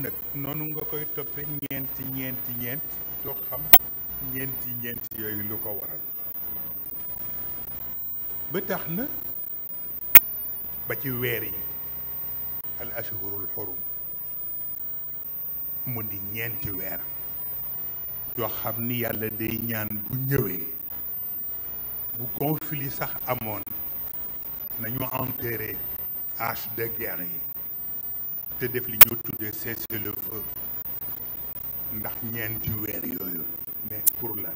nag noonu nga koy toppe ñeenti ñeenti ñeent doo xam ñeenti ñeent yooyu lu ko waral ba tax na ba ci weer yi al ashhurul xurum mu di ñeenti weer yoo xam ni yàlla day ñaan bu ñëwee bu conflit sax amoon nañu enterré hache de yi te def li ñu tuddee cessez-le-feu ndax ñeenti weer yooyu mais pour lan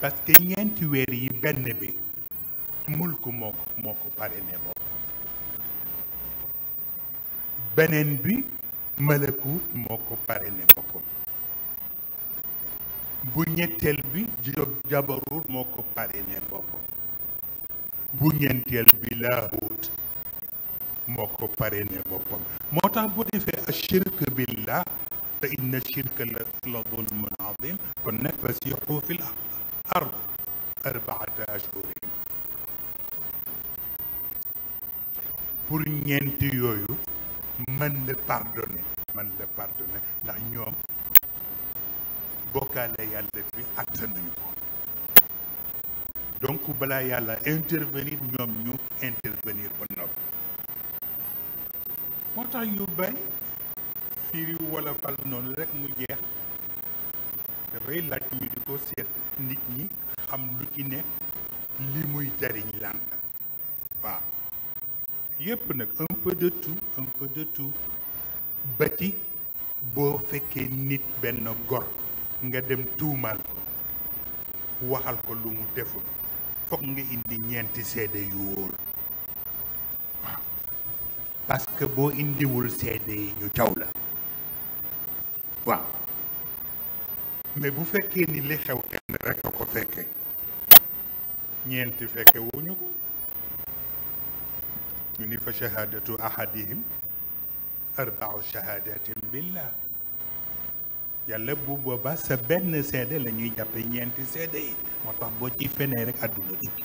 parce que ñeenti weer yi benn bi mul moo ko moo ko parrainé bopp beneen bi malakut moo ko parrainé boppam bu ñetteel bi job moo ko parrainé boppam bu ñeenteel bi laa moo ko parrainé boppam moo tax boo defee a shirk billah te inna shirka la la zulmun azim kon nag fasiixu fi l ard arbaata ashhurin pour ñeenti yooyu mën la pardonné mën la pardonné ndax ñoom bokkaale yàlla bi àtte nañu ko donc balaa yàlla intervenir ñoom ñu intervenir ba noppi moo tax yu bay firi wala fal noonu rek mu jeex dafay laaj ñu di ko seet nit ñi xam lu ci ne li muy jariñ lan la waaw yépp nag un peu ba ci boo fekkee nit benn gor nga dem tuumal ko waxal ko lu mu deful foog nga indi ñeenti seede yu wóor parce que boo indiwul seede yi ñu taw la waaw mais bu fekkee ni li xew kenn rek a ko fekke ñeenti fekke wuñu ko ñu ni fa shahadatu ahadihim arbau shahadatin billah yàlla bu boobaa sa benn seede la ñuy ñeenti seede yi moo tax boo ci fenee rek àdduna tukki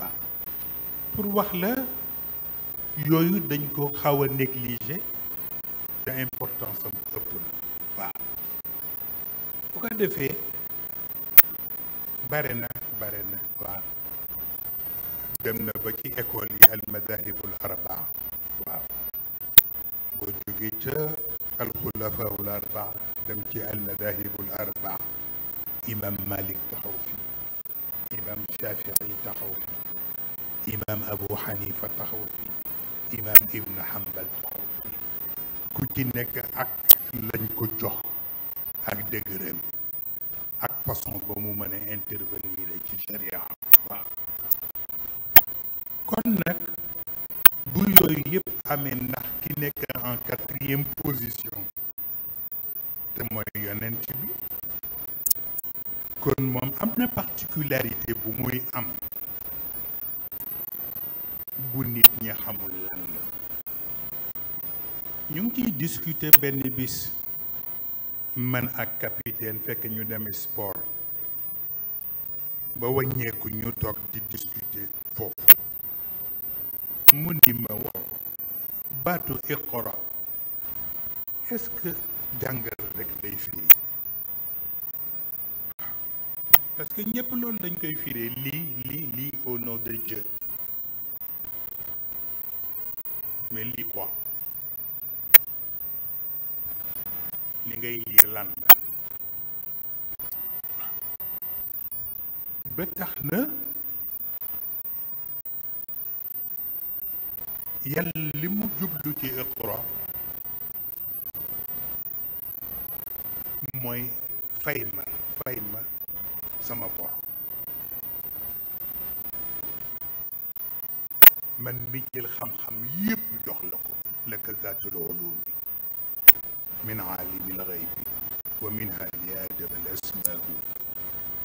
waaw pour wax la yooyu dañ ko xaw a négligé te importance am ëpp na waaw bu ko defee bare na bare na waaw dem na ba ci école yi al madahibul arbaa waaw boo jógee ca al xulafaul dem ci al madahibul arbaa imam malik taxaw fi imam shafii taxaw fi imam abu xanifa taxaw imaam Ibn Hanbal ku ci nekk ak lañ ko jox ak dëgëram ak façon ba mu mën a intervenir ci sharia kon nag bu yooyu yëpp amee ndax ki nekk en quatrième position te mooy yonent bi kon moom am particularité bu muy am bu nit ñi ñu ngi ciy discuter benn bis man ak capitaine fekk ñu dem sport ba wàññeeku ñu toog di discuter foofu mu ni baatu iqra est-ce que jàngal lay firi parce que ñëpp loolu dañ koy firee lii lii lii de Dieu lii quoi li ngay liir lan la ba tax na yàlla li mu jublu ci iqra mooy fay ma fay ma sama bor man mi jël xam-xam yépp jox la ko laka zaatul ulumi min aalimi lxaybi wa minha li aadama al asmaahu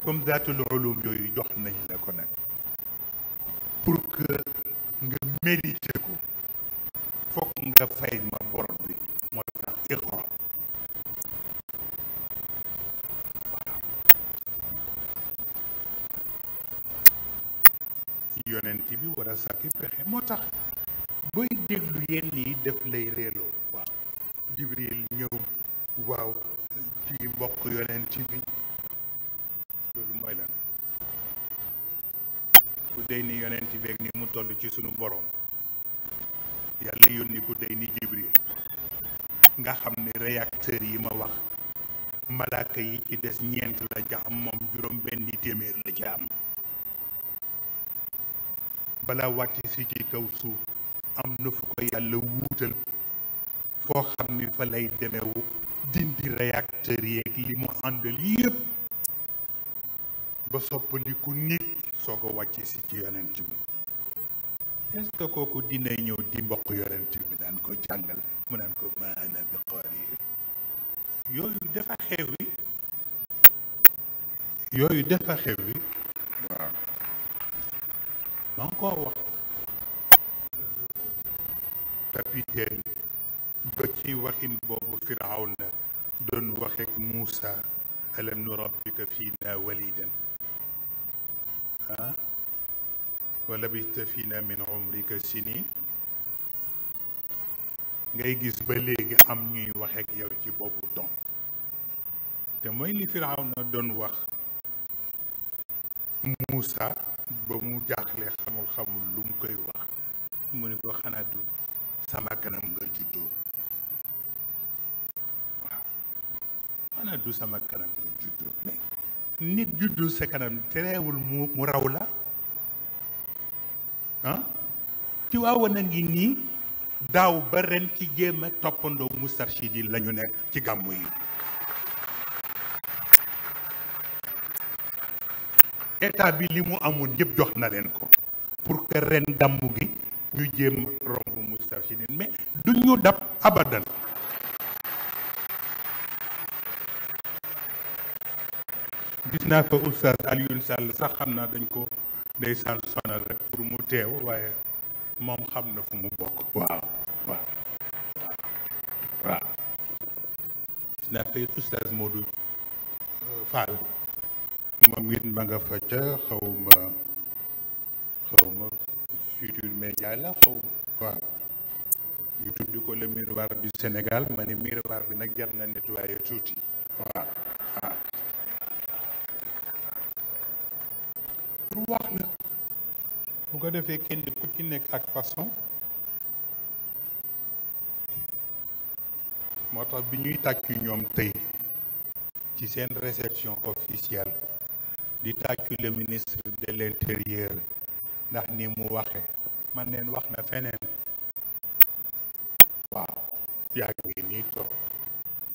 comme zaatul ulum yooyu jox nañ la ko nag pour nga mérité ko fokk nga fay ma bor bi moo moo tax booy déglu yenn yi def lay reeloo waaw jibril ñëw waaw ci mbokk yonent bi loolu mooy lan ku dey ni yonent bi ak ni mu toll ci sunu borom yàlla yónni ku dey ni jibril nga xam ne réacteur yi ma wax malaaka yi ci des ñeent la ca moom juróom benn téeméer la ci am balaa wàcc si ci kaw suuf am na fu ko yàlla wuutal foo xam ni fa lay demewu dindi réacteur yeeg li mu àndal yépp ba soppandiku nit soo ko wàcc si ci yonent bi est-ce que kooku dina ñëw di mboq yonent bi naan ko jàngal mu naan ko maana bi xoori yooyu dafa xew yooyu dafa xew maa ngi koo wax capitaine ba ci waxin boobu firawna doon waxeek Muusa alam nu rabbika fiina walidan ah wa labista fiina min umrika sinin ngay gis ba léegi am ñuy waxeek yow ci boobu ton te li firawna doon wax Muusa ba mu jaaxle xamul xamul lu mu koy wax mu ni ko xanaa du sama kanam nga juddoo waaw xanaa du sama kanam nga juddoo mais nit juddu sa kanam tereewul mu mu raw la ci waawoon a ngi nii daaw ba ren ci jéem a toppandoo mu la lañu nekk ci gàmmu yi état bi li mu amoon yépp jox na leen ko pour que ren gàmmu gi ñu jéem romb Moustarchidine mais du ñu dab abadan gis naa fa oustaz Alioune Sall sax xam naa dañ ko ndeysaan sonal rek pour mu teew waaye moom xam na fu mu bokk waaw waaw waaw gis naa fa oustaz Modou euh, Fall moom it ma nga fa ca xaw bi na nettoyer tuuti waaw waaw ko defee ak façon moo tax bi ñuy tàccu ñoom tey ci seen réception officielle di tàccu le ministre de l'intérieur ndax ni mu waxe man neen wax na feneen waaw yaa ngi nii toog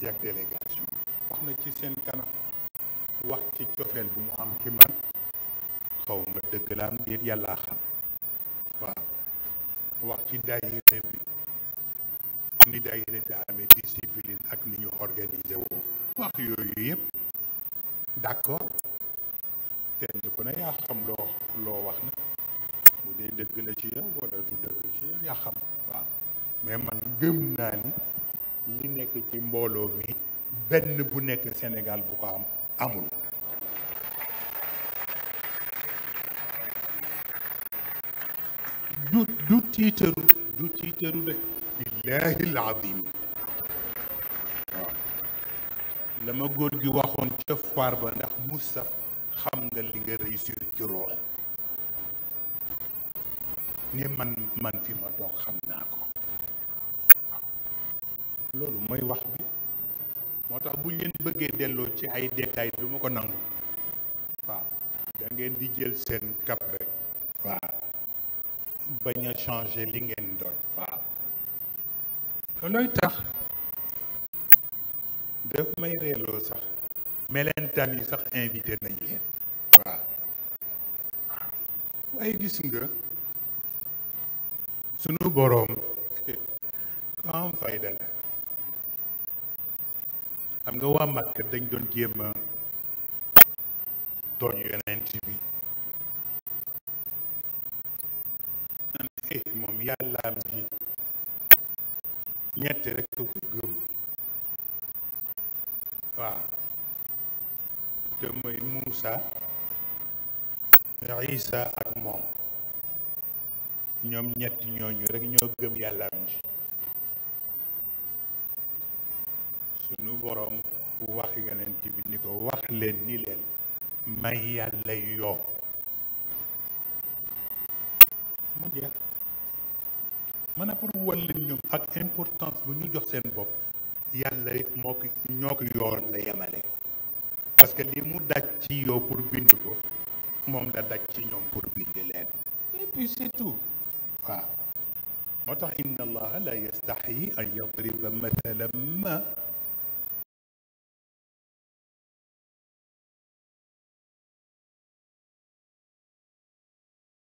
yàgg délégation wax na ci seen kanam wax ci cofeel bu mu am ci man xaw ma dëgg la am déet yàllaa xam waaw wax ci daayira bi ni daayira bi amee discipline ak ni ñu organisé woo wax yooyu yëpp d'accord kenn ku ne yaa xam loo loo wax na bu dee dëgg la ci yow wala du dëgg ci yow yaa xam waaw mais man gëm naa ni li nekk ci mbooloo mi benn bu nekk Sénégal bu ko am amul du du tiitaru du tiitaru de billaahi alazim waaw la góor gi waxoon ca foire ba ndax Moustapha xam nga li nga réussir ci ni man man fi ma toog xam naa ko loolu mooy wax bi moo tax buñ ñu leen bëggee delloo ci ay détails du ma ko nangu waaw da ngeen di jël seen cap rek waaw bañ a changer li ngeen doon waaw loolooy tax daf may reeloo sax melentaan yi sax invité nañ leen ay gis nga sunu boroom ko am la xam nga waa Màkka dañ doon jéem a yonent bi eh, moom yàllaam ji ñett rek ko gëm waaw te mooy Muusa isa ak moom ñoom ñett ñooñu rek ñoo gëm yàllaam ji sunu boroom wax yonent ci ni ko wax leen nii leen may yàlla yoo mu jeex mën a pour wal ñoom ak importance bu ñu jox seen bopp yàlla moo ko ñoo ko yoon la yemale parce que li mu daj ci yow pour bind ko moom nga daj ci ñoom pour bind leen et puis moo tax inna allaha la yastaxyi an yadriba mathalan ma